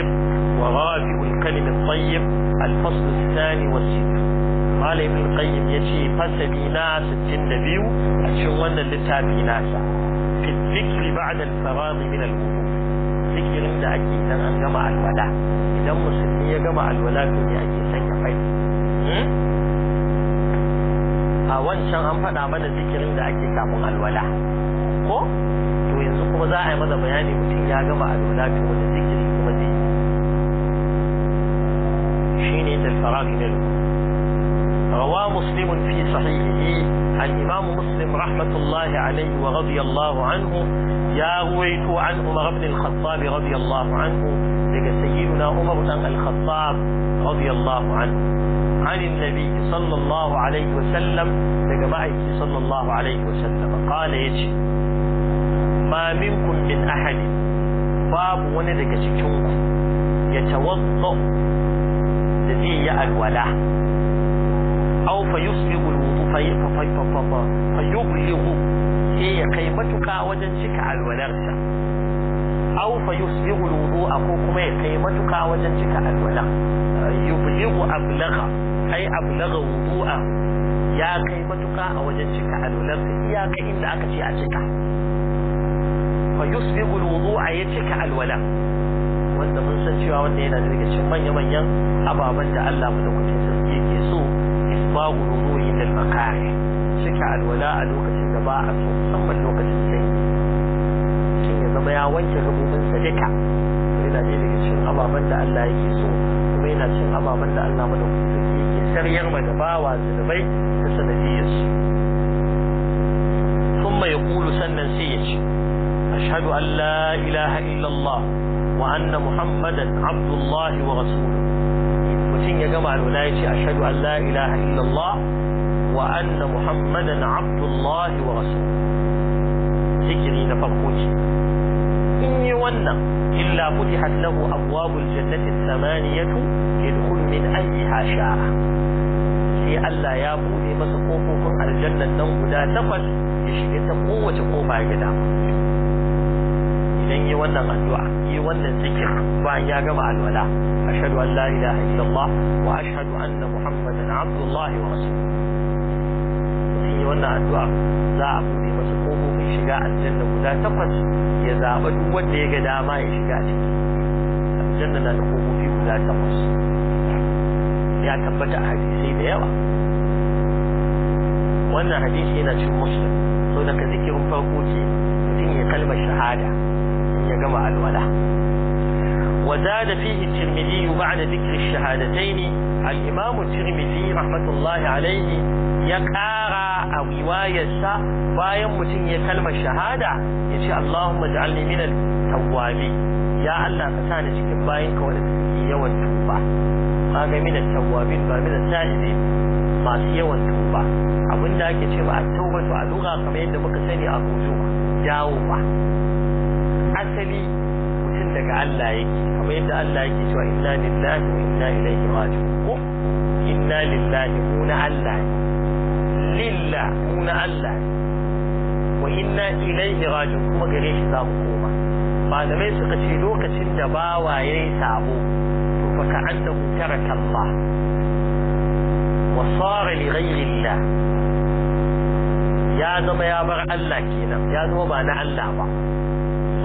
الطيب ورابع الكلم الطيب الفصل الثاني والستون قال ابن القيم يشي فسلي ناس النبي أشغلنا لتابي ناسا في الذكر بعد الفراغ من الوضوء ذكر عند أكي إذا أن جمع الولاء إذا مسلمي يجمع الولاء كن أكي سنكفين أولا شان أنفنا من الذكر عند أكي كامون الولاء ko to yanzu kuma za a yi mana bayani mutum ya gama alwala to wani zikiri kuma zai تشينة الفراغ منه روى مسلم في صحيحه الإمام مسلم رحمة الله عليه ورضي الله عنه يا رويت عن عمر بن الخطاب رضي الله عنه لك سيدنا عمر بن الخطاب رضي الله عنه عن النبي صلى الله عليه وسلم لك معك صلى الله عليه وسلم قال يجي ما منكم من أحد باب ولدك شكوك يتوضأ da zai yi alwala aw fa yusbihu alwudu fa yafafafafaf fa yublighu sai ya kai matuka wajen cika alwalarsa aw fa yusbihu alwudu ko kuma ya kai matuka wajen cika alwala yublighu ablagha ai ablagha wudu'a ya kai matuka a wajen cika alwalarsa kai inda aka ce a cika fa yusbihu alwudu'a ya cika alwala wanda mun san cewa wanda yana daga cikin manya-manyan ababen da Allah mu da kuke sarki yake so isbahu alwudu'i lil makari cika alwala a lokacin da ba a so musamman lokacin sai. shin ya zama ya wanke rububin sadaka yana ne daga cikin ababen da Allah yake so kuma yana cikin ababen da Allah mu da kuke sarki yake sarriyar ma da bawa zulubai ta sanadiyar su sannan sai ya سيئ أشهد أن لا إله إلا الله وأن محمدا عبد الله ورسوله mutum ya gama alwala ya ce ashhadu an la ilaha illallah wa muhammadan abdullah wa rasuluhu na farko in yi wannan illa futihat lahu abwabul jannati thamaniyatu yadkhul min ayyiha sha'a sai Allah ya buɗe masa kofofin aljannan guda takwas ya shiga ta kowace kofa gida sannan yi wannan addu'a yi wannan zikir bayan ya gama alwala ashhadu an la ilaha illallah wa ashhadu anna muhammadan abdullah wa rasuluh sai yi wannan addu'a za a buɗe masa kofofin shiga aljanna guda takwas ya zaba duk wanda ya ga dama ya shiga ciki aljanna na da kofofi guda takwas ya tabbata a hadisai da yawa wannan hadisi yana cin muslim so daga zikirin farko ce mutum ya kalmar shahada kafin ya gama alwala وزاد فيه الترمذي بعد ذكر الشهادتين الإمام الترمذي رحمة الله عليه يقارى أو رواية باين متن يكلم الشهادة يقول اللهم اجعلني من التوابين يا الله فتاني شكل باين كون يوم التوبة هذا من التوابين من السائلين masu yawan tuba abinda ake cewa a taubatu a lura kamar yadda muka sani a rujuwa dawowa asali mutum daga Allah yake kamar yadda Allah yake cewa inna lillahi wa inna ilaihi raji'un ko inna lillahi ko na Allah ne lillah ko na Allah ne wa inna ilaihi raji'un kuma gare shi za mu koma malamai suka ce lokacin da bawa yi sabo to fa ka anta mutaraka Allah wa sara li ghayri Allah ya zama ya bar Allah kenan ya zama ba na Allah ba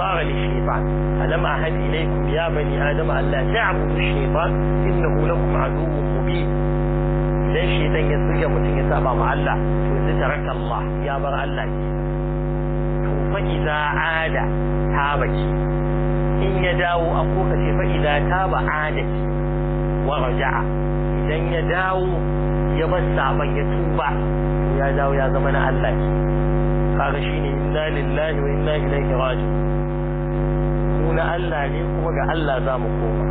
صار للشيطان ألم أعهد إليكم يا بني آدم أن لا تعبدوا الشيطان إنه لكم عدو مبين إذا الشيطان يزوج متن يتابع مع الله ترك الله يا بر الله فإذا عاد تابك إن يداو أخوك فإذا تاب عادك ورجع إذا يداو يمسع من يتوبع يا داو يا زمن الله قال شيني إنا لله وإنا إليه راجعون mu na Allah ne kuma ga Allah za mu koma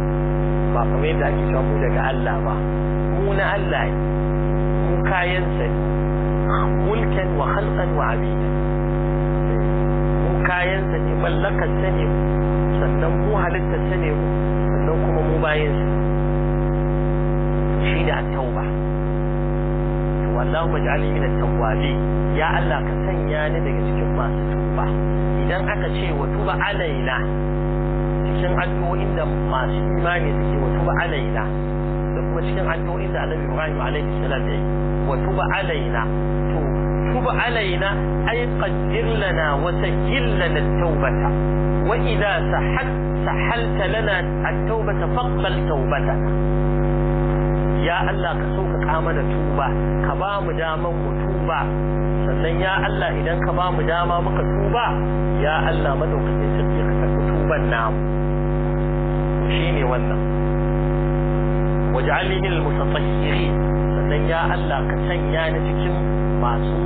ba kamar yadda ake cewa daga Allah ba mu na Allah ne mu kayan sa mulkan wa khalqan wa abida mu kayan sa ne mallakar sa ne sannan mu halitta sa ne sannan kuma mu bayan sa shi da tauba wallahu maj'alni min at-tawwabin ya Allah ka sanya ni daga cikin masu tuba idan aka ce wa tuba alaina cikin addu'o'in da masu imani suke wa tuba alaina da kuma cikin addu'o'in da Annabi Ibrahim alaihi salam yi wa tuba alaina to tuba alaina ay qaddir lana wa sajjil lana at-tawbata sahalta lana ya Allah ka sauƙaƙa mana tuba ka ba mu daman mu tuba sannan ya Allah idan ka ba mu dama muka tuba ya Allah madaukakin sarki ka karɓi tuban namu shine wannan waj'alni min al-mutatahhirin sannan ya Allah ka sanya ni cikin masu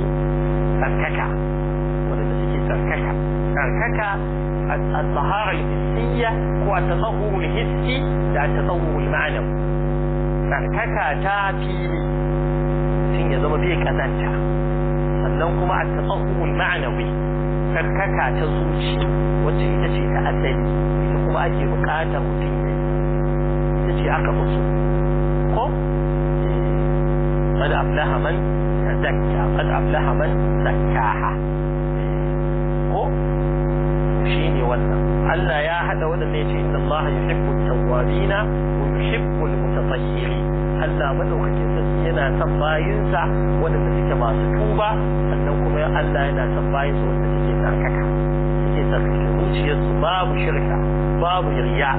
tsarkaka wanda suke tsarkaka tsarkaka الطهارة الحسية هو التطهر الحسي لا التطهر المعنوي tsarkaka ta fili shin ya zama bai kazanta sannan kuma a tasawwul ma'anawi tsarkaka ta zuci wacce ita ce ta asali ita kuma ake bukatar mutum ya ita ce aka musu ko قد eh, أفلح Man تزكى قد أفلح من زكاها ko ne wannan Allah ya hada wanda sai ce inna Allah yuhibbu tawwabina wa yuhibbu al Allah madaukakin sarki yana son bayinsa wanda suke masu tuba sannan kuma Allah yana son bayinsa wanda suke tsarkaka suke tsarkake zuciyarsu babu shirka babu hirya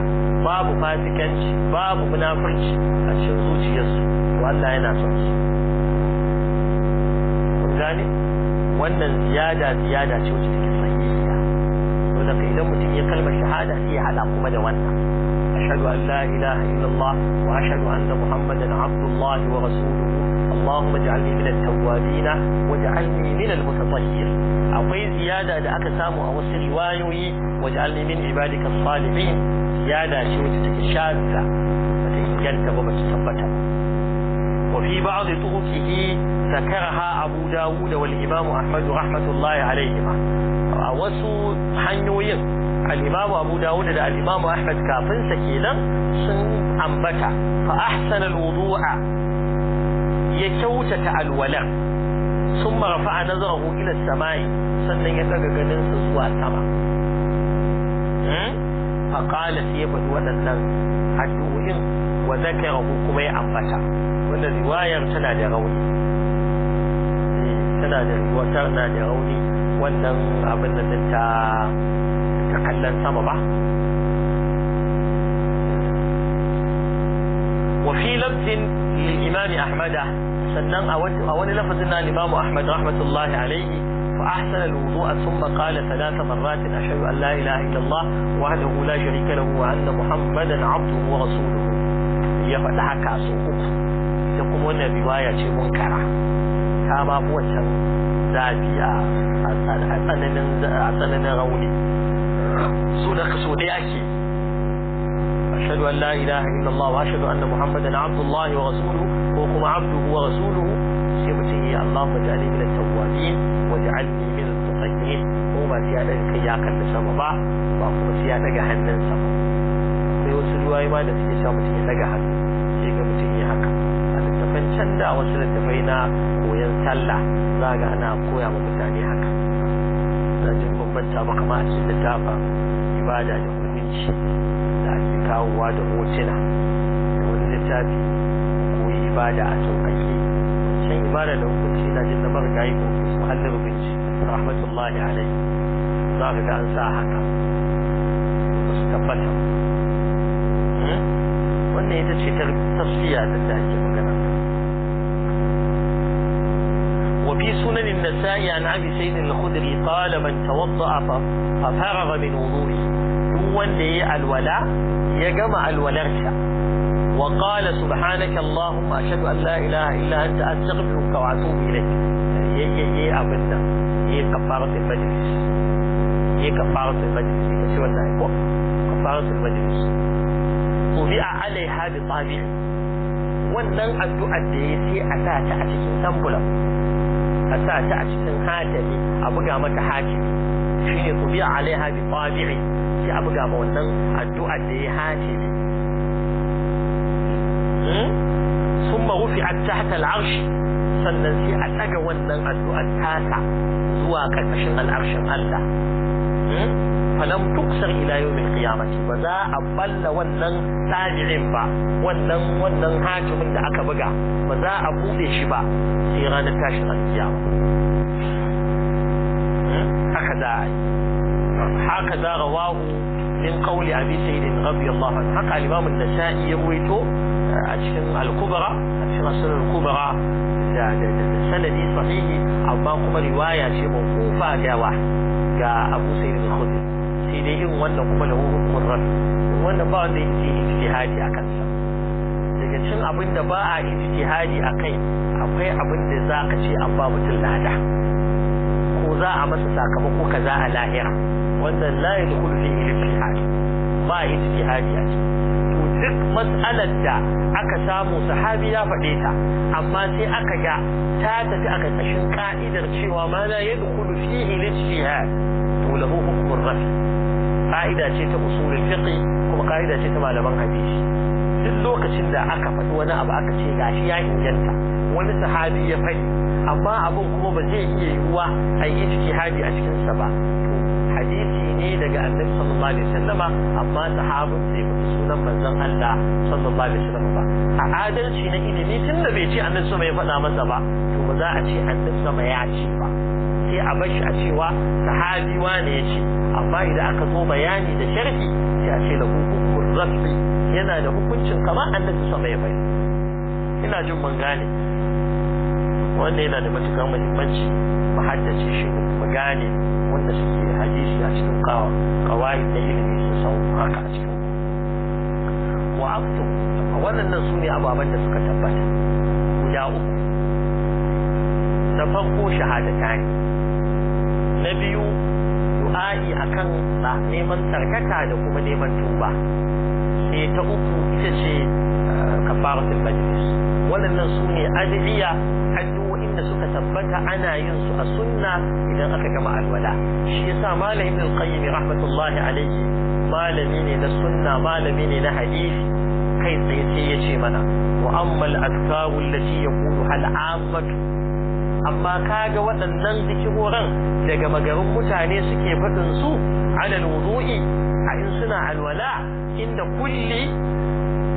babu fasikanci babu munafurci a cikin zuciyarsu to Allah yana son su mun gane wannan ziyada ziyada ce wacce take sahihiya to da kai idan mutum ya kalmar shahada sai ya hada kuma da wannan ashhadu an la ilaha illallah wa ashhadu anna muhammadan abdullah wa rasuluhu اللهم اجعلني من التوابين واجعلني من المتطهرين akwai ziyada da aka samu a wasu riwayoyi waj'alni min ibadika salihin ziyada ce wacce take ba ta ta tabbata وفي بعض طرقه ذكرها أبو داود والإمام أحمد رحمة الله عليهما وسو حنوين الإمام أبو داود دا الإمام أحمد كافن سكينا سن أنبتا فأحسن الوضوء يكوتة الولاء ثم رفع نظره إلى السماء سنة يتغى جننس سوى السماء فقال سيفة ودنن أدوهم وذكره كما يأنبتا wannan riwayar tana da rauni eh, tana da rauni wannan abin da ta kallon sama ba wa fi lafzin imam sannan a wani lafazin na imam ahmad rahmatullahi alaihi فأحسن الوضوء ثم قال ثلاث مرات أشهد أن لا إله إلا الله وحده لا شريك له وأن محمدا عبده ورسوله يفتح كاسه ita kuma wannan riwaya ce munkara ta ba wancan zafi a tsananin a tsananin rauni Su da ka so dai ake ashhadu an la ilaha illallah wa ashhadu anna muhammadan abdullahi wa rasuluhu ko kuma abduhu wa rasuluhu sai mutum ya Allahumma ja'alni min at-tawwabin wa ja'alni min al-mutaqin ko ba sai ya daga kai ya kalli sama ba kuma ya daga hannunsa ba sai wasu da suke sa mutum ya daga hannu can da wasu littafai na koyon sallah za ga ana koya wa mutane haka na jin bambanta maka kama a cikin littafa ibada da hukunci da ake kawowa da hotuna da wani littafi koyi ibada a ake can ibada da hukunci na jin na marigayi ko muhallin rubuci rahmatullahi alaihi za ga an sa haka su tabbata hmm? wannan ita ce ta tafsiya da ake magana وفي سنن النساء عن ابي سيد الخدري قال من توضا ففرغ من وضوئه هو لي الولاء يجمع الولرشا وقال سبحانك اللهم اشهد ان لا اله الا انت استغفرك واتوب اليك هي هي هي ابدا هي كفاره المجلس هي كفاره المجلس شو بدنا نقول كفاره المجلس وبيع عليها بطابعه wannan addu'ar da ya sai a sa ta a cikin sambulan a sa ta a cikin hatimi a buga maka hatimi shi ne ku biya alaiha bi tabi'i sai a buga ma wannan addu'ar da ya hatimi ثم رفعت تحت العرش sannan sai a ɗaga wannan addu'ar tasa zuwa ƙarƙashin al'arshin Allah hmm? falam tuksar ila yawmil qiyamati ba za a balla wannan tabi'in ba wannan wannan hakimin da aka buga ba za a bude shi ba sai ranar tashin alkiyama hmm? haka da haka za rawahu min qawli abi sayyid radiyallahu anhu haka al-imam an-nasa'i ya ruwaito uh, a cikin al-kubra a cikin sunan al-kubra da sanadi sahihi amma kuma riwaya ce mawqufa da wa ga abu sayyid al-khudri hukunci ne irin wannan kuma da hukumun ran wannan ba wanda ya yake ijtihadi a kansa daga cin abin da ba a ijtihadi a kai akwai abin da za ka ce an ba mutum lada ko za a masa sakamako kaza a lahira wannan la yadkhulu fi ijtihadi ba ijtihadi a ciki to duk matsalar da aka samu sahabi ya faɗe ta amma sai aka ga ta tafi a ƙarƙashin ka'idar cewa ma la yadkhulu fihi ijtihad له حكم الرفع ka'ida ce ta usulul fiqh kuma ka'ida ce ta malaman hadisi duk lokacin da aka faɗi wani abu aka ce gashi ya inganta wani sahabi ya faɗi amma abin kuma ba zai iya yiwuwa a yi ijtihadi a cikin sa ba hadisi ne daga annabi sallallahu alaihi wasallama amma sahabin bai mutu sunan manzon Allah sallallahu alaihi wasallam ba a adalci na ilimi tunda bai ce annabi sama ya faɗa masa ba to ba za a ce annabi sama ya ce ba ne a bashi a cewa sahabi wane ya ce amma idan aka zo bayani da sharhi sai a ce da hukumar rafi yana da hukuncin kama annabi sama ya bai ina jin mun gane wannan yana da matukar muhimmanci mu haddace shi mu gane wanda suke hadisi a cikin kawa kawai da ilimi su sau haka a cikin wa abtu wannan nan sune ababen da suka tabbata guda uku na farko shahada ne na biyu du'a'i akan neman tarkaka da kuma neman tuba sai ta uku ita ce eh, kafaratul majlis waɗannan su ne adiya addu'o'in da suka tabbata ana yin su a sunna idan aka gama alwala shi yasa malam ibn qayyim rahmatullahi alayhi malami ne na sunna malami ne na hadisi kai tsaye sai ya ce mana wa ammal azkaru allati yaqulu al ammatu amma kaga waɗannan zikiroran daga magarin mutane suke faɗin su alal wudu'i a in suna alwala inda kulli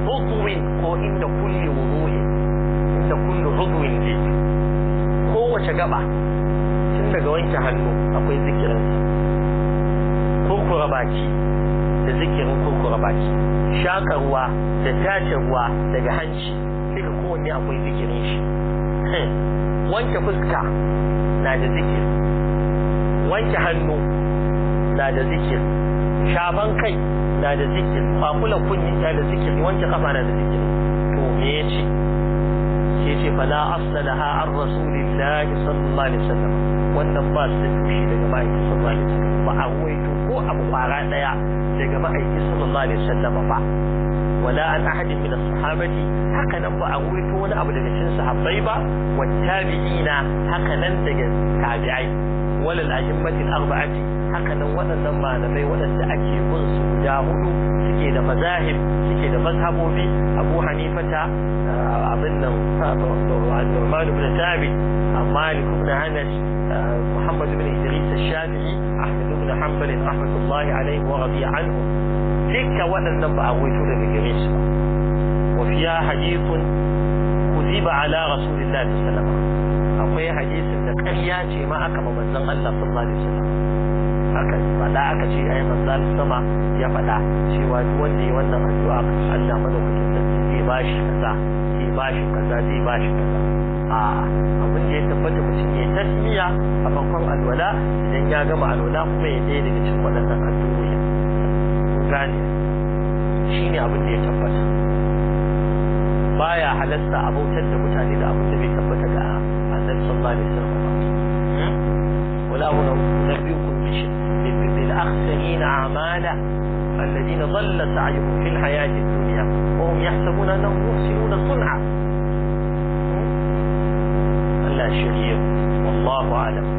udwin ko inda kulli wudu'i inda kulli udwin ne kowace gaba tun daga wanke hannu akwai zikirin kurkura baki da zikirin kurkura baki shaka ruwa da tace ruwa daga hanci duka kowanne akwai zikirin shi hmm. wanke fuska na da zikir wanke hannu na da zikir shafan kai na da zikir kwakulan kunni na da zikir wanke kafa na da zikir to me ya ce sai ce fala asla laha an rasulillahi sallallahu alaihi wasallam wannan ba su da tushe daga ma'aikin sallallahu alaihi wasallam ba a waito ko abu fara daya daga ma'aikin sallallahu alaihi wasallam ba wala an ahadin min as-sahabati haka nan ba a ruwaito wani abu daga cikin sahabbai ba wa tabi'ina haka nan daga tabi'ai wala al-a'immati al-arba'ati haka nan waɗannan malamai waɗanda ake bin su guda hudu suke da mazahib suke da mazhabobi Abu Hanifata abin nan Nu'man ibn Thabit Malik ibn Anas Muhammad ibn Idris al-Shafi'i Ibn Hanbalin rahmatullahi alaihi wa rabi'a anhu dukkan waɗannan ba a gwaito da bigirin shi ba wa fiya hadithun kuziba ala rasulillahi alaihi wasallam akwai hadithin da ƙarya ce ma aka ma manzon Allah sallallahu alaihi wasallam aka faɗa aka ce ai manzon sama ya faɗa cewa duk wanda ya wannan addu'a Allah madaukakin sarki bashi kaza ke bashi kaza zai bashi kaza a abin da ya tabbata mutum ya tasmiya a bakon alwala idan ya gama alwala kuma ya ɗaya daga cikin waɗannan addu'o'i gane shine abin da ya tabbata baya halasta a bautar da mutane da abin da bai tabbata ga annabi sallallahu alaihi wasallam ولا أنبئكم na amala الذين ظل سعيهم في الحياة الدنيا وهم يحسبون أنهم محسنون صنعا أه؟ الله شريف والله أعلم